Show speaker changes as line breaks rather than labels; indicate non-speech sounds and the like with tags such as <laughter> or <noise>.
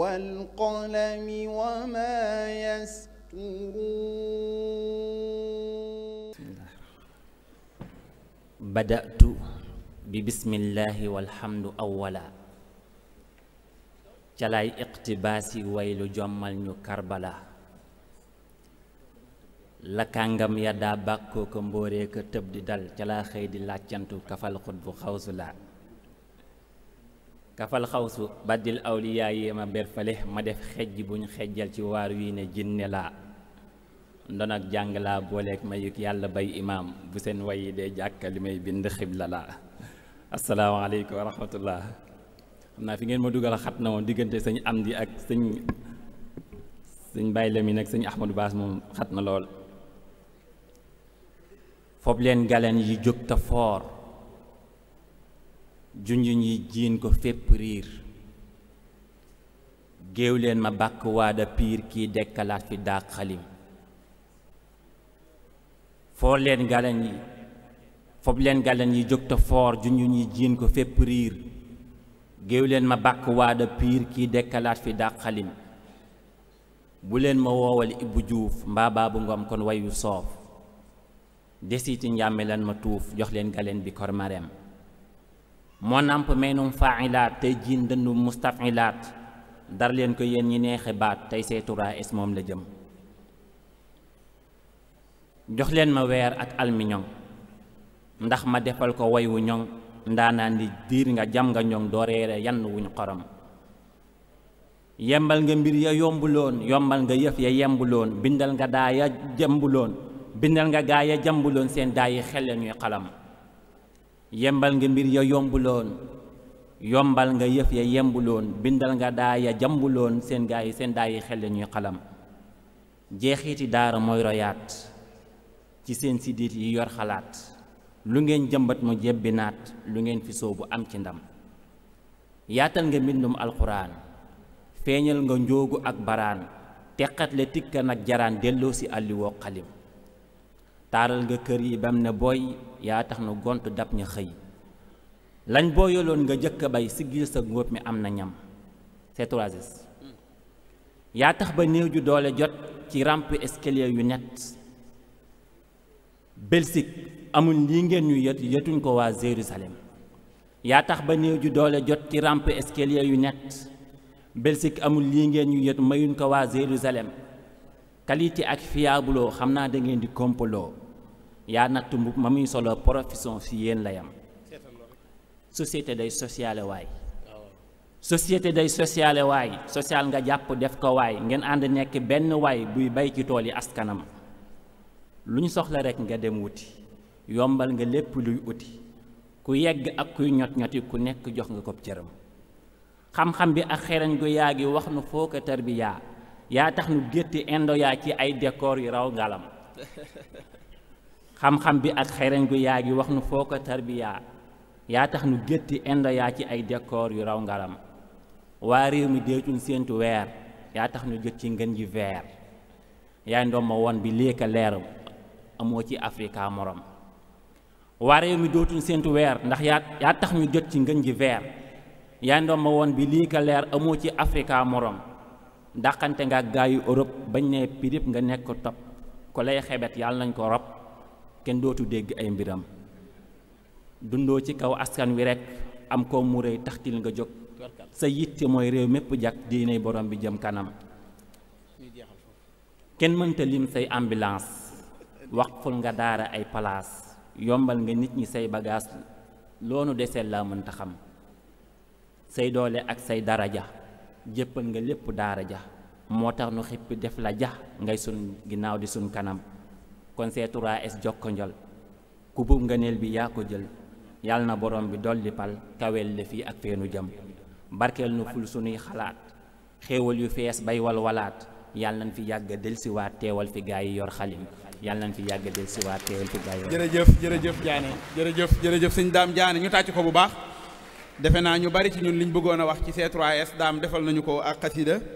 والقلم وما يسطرون بدأت ببسم الله والحمد أولا جلاي اقتباسي ويل جمال نيو كربلا لكانغام يا دا باكو كمبوري كتب دي دال جلا خيدي لاتيانتو كفال خطب خوزلا kafal xawsu baddil awliyaa yi ma ber fale ma def xejj buñ xejal ci waar wi ne jinne laa ndon ak jàng laa booleeg mayuk yàlla bay imaam bu seen wayi de jàkka li may bind xibla laa asalaamaaleykum wa rahmatullah xam naa fi ngeen ma dugal xat na moom diggante sëñ Amdi ak sëñ sëñ Baye Lamine ak sëñ Ahmadou Baas moom xat na lool fob leen galeen yi jóg te foor junjuñ yi jiin ko fépp riir géew leen ma bàkk waada piir kii dekkalaat fi daaq xalim foor yi fob leen galan yi jóg te foor junjuñ yi jiin ko fépp riir géewleen ma bàkk waada piir kii dekkalaat fi daaq xalim bu leen ma woowal ibbu juuf mbaa baabu ngoom kon wayu soof desiti njàmme ma tuuf jox leen galeen bi kor mareem moo namp meenum faailaat tey jiin dëndu mustafilaat dar leen ko yen ñi neexe baat tey seetu raes moom la jëm joxleen ma weer ak almiñoŋ ndax ma defal ko woy wu ñoŋ ndaanaan di diir nga jam nga ñoŋ doo reere yann wuñ xorom yembal nga mbir ya yombuloon yombal nga yëf ya yembuloon bindal nga daa ya jëmbuloon bindal nga gaa ya jambuloon seen daa yi xel ya ñuy xalam yembal nga mbir ya yombuloon yombal nga yëf ya yembuloon bindal nga daa ya jambuloon seen gaa yi seen daa yi xel la ñuy xalam jeexiiti daara mooy royaat ci seen siddiit yi yor xalaat lu ngeen jëmbat mu jebbi naat lu ngeen fi soobu am ci ndam yaatal nga mbindum alxuraan feeñal nga njoogu ak baraan teqatle tikkan ak jaraan delloo si àlliwoo xalim taaral nga kër yi bam ne boy yaa tax na gont dab ña xëy lañ boo yoloon nga jëkk a bay siggil sa ngóob mi am na ñam c'est yaa tax ba néew ju doole jot ci rampe escalier yu net Belgique amul lii ngeen ñu yët yëtuñ ko waa Jérusalem yaa tax ba néew ju doole jot ci rampe escalier yu net Belgique amul lii ngeen ñu yët mayuñ ko waa Jérusalem qualité ak fiabuloo xam naa da ngeen di kompaloo yaa natt mbub ma muy solo profession si yéen la yam day sociale waay société day sociale waay social nga jàpp def ko waay ngeen ànd nekk benn waay buy bay ci tool yi askanam lu ñu soxla rek nga dem wuti yombal nga lépp luy wuti ku yegg ak kuy ñot-ñoti ku nekk jox nga ko cëram xam-xam bi ak xereñ gu yaa gi wax nu foo ko tarbiyaa yaa tax nu gétti indo yaa ci ay dekoor yu raw ngalam <laughs> xam-xam bi ak xereñ gu yaa gi wax nu foo ko tarbiyaa yaa tax nu gétti indo yaa ci ay décor yu raw ngalam waa mi deetul séentu weer yaa tax nu jot ci ngën ji weer yaay ndomma woon bi léeka leer amoo ci Afrika morom waa réew weer ndax yaa yaa ñu jot ci ngën ji weer yaay ndomma woon bi lii ko leer amoo ci Afrika morom dàqante nga ak gaa yu Europe bañ ne pirip nga nekk ko topp ko lay xebet yàlla nañ ko rob kenn dootu dégg ay mbiram dundoo ci kaw askan wi rekk am ko mu réy taxtil nga jóg sa yitte mooy réew mépp jàkk diiney borom bi jëm kanam kenn mënta lim say ambulance waqful nga daara ay palaas yombal nga nit ñi say bagaas loonu deseel laa mënta xam say doole ak say daraja jéppal nga lépp daara ja moo tax nu xippi def la ja ngay sun ginnaaw di sun kanam kon C3S Jokkonjal ku bub ngëneel bi yaa ko jël yàlla na borom bi dolli pal kawel la fii ak feenu jam barkeel nu ful sunuy xalaat xéewal yu fees bay walwalaat yàlla nañ fi yàgg delsiwaat teewal fi gaa yi yor xalim yàlla nañ fi yàgg delsiwaat teewal fi gaa yi yor jërëjëf jërëjëf Diané jërëjëf jërëjëf sëñ Dame Diané ñu tàcc ko bu baax defe naa ñu bari ci ñun liñ bëggoon a wax ci c 3 daam defal nañu ko ak xasida